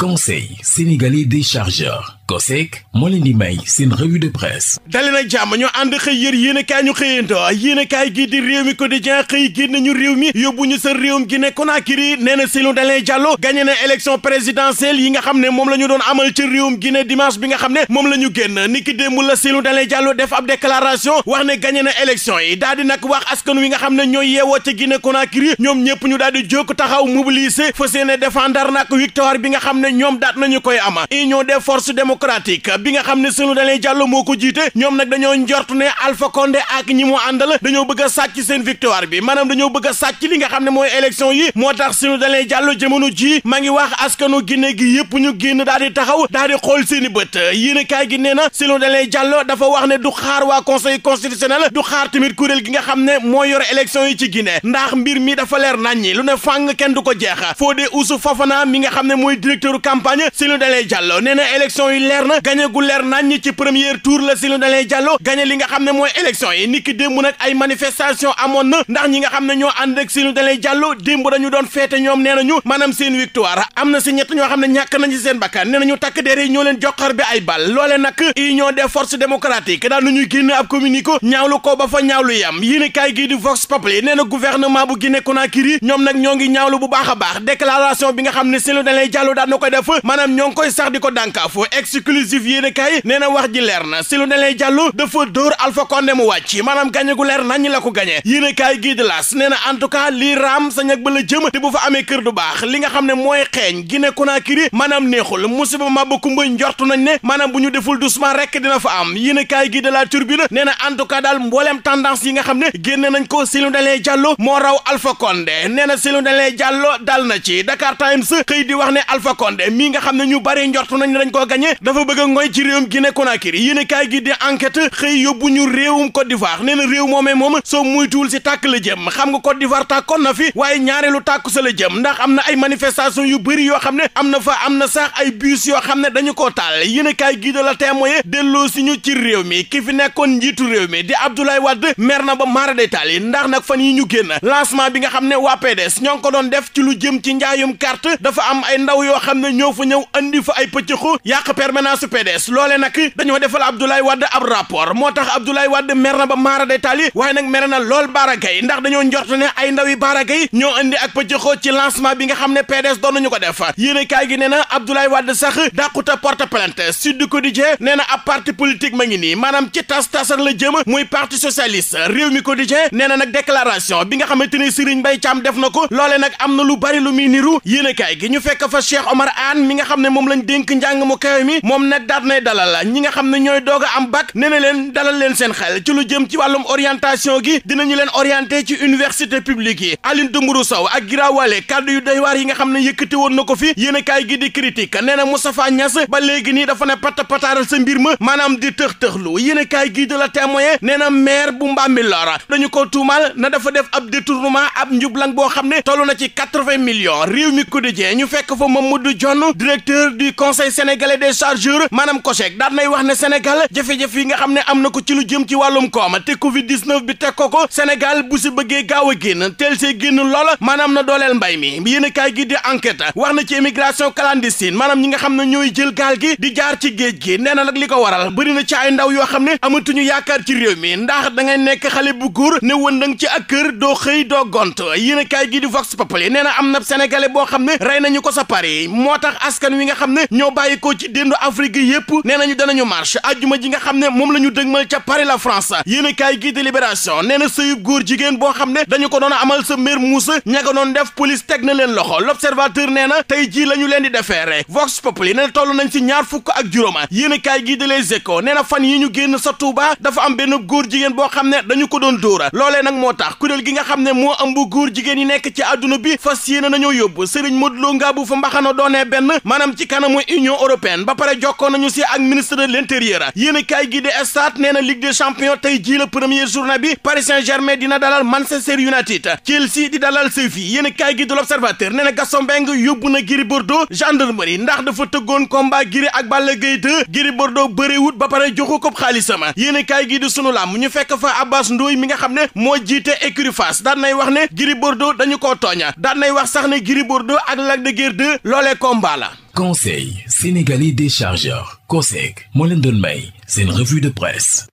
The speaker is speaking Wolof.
conseil sénégalais des chargeurs moo leen di may seen de presse dali nag jàmm ñu ànd xëy yër yéenekaay ñu xëyanto yéenekaay gii di réew mi quotidien ñu réew yóbbu ñu sa réewum Guinée Conakry nee na Cellou Dalein Diallo gagné na élection yi nga xam ne moom la ñu doon amal ci réewum Guinée dimanche bi nga xam ne moom la ñu génn niki démb la Cellou Dalein Diallo def ab déclaration wax ne gagné na yi daal di nag wax askan wi nga xam ne ñooy yeewoo ca Guinée ne ñoom daat nañu koy ama union des forces démocratiques bi nga xam ne sunu dalee jàll moo ko jiite ñoom nag dañoo njort ne Alpha ak ñi mu àndal dañoo bëgg a sàcc seen victoire bi maanaam dañoo bëgg a li nga xam ne mooy élection yi moo tax sunu dalee jàll jamono ji ma ngi wax askanu Guinée gi yëpp ñu génn daal taxaw daal di xool seeni bët yéen kaay gi nee na sunu dalee jàll dafa wax ne du xaar waa conseil constitutionnel du xaar tamit kuréel gi nga xam ne moo yor élection yi ci Guinée ndax mi dafa leer nañ ñi lu du ko jeexa Fodé Ousou Fofana mi nga xam ne wàllu campagne Cellou Dalein Diallo nee na yi leer gañe gu leer nañ ñi ci premier tour la Cellou Dalein Diallo gañe li nga xam ne mooy élection yi niki démb nag ay manifestation amoon na ndax ñi nga xam ne ñoo ànd ak Cellou Dalein Diallo démb dañu doon feete ñoom nee nañu maanaam seen victoire am na si ñett ñoo xam ne ñàkk nañ ci seen bakkan nee nañu takk der ñoo leen joxar bi ay bal loole nag union i kaay gii di Vox Populi nee na a ko def maanaam ñoo ngi koy sax di ko dànkaafu exclusif yéen kay nee na wax ji leer na si lu ne lay jàllu dafa dóor Alpha Condé mu wàcc gañe gu leer nañ la ko gañe yéen kay gii di laas nee na en tout cas lii raam sa ñag ba la jëm te bu fa amee kër du baax li nga xam ne mooy xeeñ Guinée Conakry maanaam neexul musiba mabba kumba njortu nañ ne maanaam bu ñu deful doucement rek dina fa am yéen kay gii di la turbine nee na en tout cas daal mbooleem tendance yi nga xam ne génne nañ ko si lu ne lay jàllu moo raw Alpha Condé nee na si lu ne lay jàllu dal na ci Dakar Times xëy di wax ne Alpha Condé Condé mii nga xam ne ñu bare njort nañ dañ koo gagné dafa bëgg a ngoy ci réewum Guinée Conakry yéen a kaay gi di enquête xëy yóbbu ñu réewum Côte d'Ivoire nee na réew moomee moom soo muytuwul si tàkk la jëm xam nga ko d'Ivoire tàkkoon na fi waaye ñaareelu tàkku sa la ndax am na ay manifestation yu bëri yoo xam ne am na fa am na sax ay bus yoo xam ne dañu ko taal yéen a kaay gi de la témoin delloo si ñu ci réew mi ki fi nekkoon njiitu réew mi di Abdoulaye Wade mer na ba maara taal yi ndax na fan yi ñu génn lancement bi nga xam ne waa PDS ñoo ngi ko doon def ci lu jëm ci njaayum carte dafa am ay ndaw yoo xam xam ne ñoo fa ñëw andi fa ay pëccëxu yàq permanence PDS loole nag dañoo defal Abdoulaye Wade ab rapport moo tax Abdoulaye Wade mer na ba maara day taali waaye nag mer na lool Baara Gaye ndax dañoo njort ne ay ndaw Baara Gaye ñoo andi ak pëccëxoo ci lancement bi nga xam ne PDS doon nañu ko def yéene kaay gi nee na Abdoulaye Wade sax dàquta porte plainte Sud Quotidien nee na ab parti politique ma ngi nii maanaam ci tas tasar la jëm muy parti socialiste réew mi Quotidien na nag déclaration bi nga xamante ni Serigne Mbaye Thiam def na ko loole am na lu bari lu muy niru yéene kaay Anne mi nga xam ne moom lañ dénk njàng mu kawe mi moom nag daat nay dalal ñi nga xam ne ñooy doog am bac nee na leen dalal leen seen xel ci lu jëm ci wàllum orientation gi dinañu leen orienté ci université publique yi Aline Dumburu Sow ak Girawale kàddu yu doy waar yi nga xam ne yëkkati woon na ko fi yéenekaay gi di critique nee na Moustapha Niass ba léegi nii dafa ne pata pataaral mbir ma maanaam di tëx tëxlu yéenekaay gi de la témoin nee na maire bu Mbambilor dañu ko tuumal na dafa def ab détournement ab njublang boo xam ne tollu na ci quatre-vingts millions réew mi quotidien ñu fekk fa Mamadou Dione directeur di conseil sénégalais des chargeurs maanaam COJEC daan nay wax ne Sénégal jafe-jafe yi nga xam ne am na ko ci lu jëm ci wàllum koom te Covid 19 bi te ko ko Sénégal bu si bëggee gaaw a génn teel see génn loola maanaam na dooleel mbay mi yéen a kaay gi di enquête wax na ci immigration clandestine maanaam ñi nga xam ne ñooy jël gaal gi di jaar ci géej gi nee na nag li ko waral bëri na ci ay ndaw yoo xam ne amatuñu yaakaar ci réew mi ndax da ngay nekk xale bu góor ne wëndang ci ak kër doo xëy doo gont yéen a kaay gi di Vox Populi nee na am na sénégalais boo xam ne rey nañu ko sa Paris moo tax askan wi nga xam ne ñoo bàyyi ko ci déndu Afrique yépp nee nañu danañu marche ajjuma ji nga xam ne moom la ñu dëgmal ca Paris la France yéen a kaay gi de Libération nee na sëyub góor jigéen boo xam ne dañu ko doon amal sa mère Moussa ña ko doon def police teg na leen loxo L'Observateur nee na tey jii la ñu leen di defeere Vox Populi nee na toll nañ ci ñaar fukk ak juróom yéen a kaay gi de Les Échos nee na fan yi ñu génn sa Touba dafa am benn góor jigéen xam ne dañu ko doon dóora loolee nag tax kuréel gi nga xam ne moo ëmb góor jigéen yi nekk ci àdduna bi fas yéene nañoo yóbbu Serigne Modou Lo Ngabou fa mbaxana doone doonee benn maanaam ci kanamu union européenne ba pare jokkoo nañu si ak ministre de l'intérieur yéen a kaay gi de stade nee na ligue des champions tey jii la première journée bi Paris Saint-Germain dina dalal Manchester United Chelsea di dalal Séville yéen a kaay gi de l'observateur nee na Gaston Mbengue yóbbu na Gris Bordeaux gendarmerie ndax dafa tëggoon combat Gris ak Balla Gaye 2 Gris Bordeaux bëreewut ba pare joxu ko xaalisam yéen a kaay gi sunu làmb ñu fekk fa Abbas Ndoy mi nga xam ne moo jiite écurie Fass daan nay wax ne Gris Bordeaux dañu koo tooña daan nay wax sax ne Gris Bordeaux ak combat la conseil sénégalais des chargeurs COSEC moo leen doon may seen revue de presse